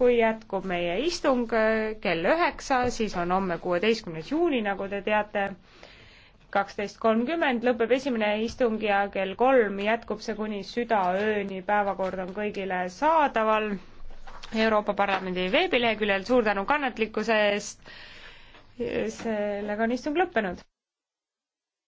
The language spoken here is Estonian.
kui jätkub meie istung äh, kell üheksa, siis on homme kuueteistkümnes juuni, nagu te teate, kaksteist kolmkümmend lõpeb esimene istung ja kell kolm jätkub see kuni südaööni, päevakord on kõigile saadaval Euroopa Parlamendi veebileheküljel, suur tänu kannatlikkuse eest, sellega on istung lõppenud.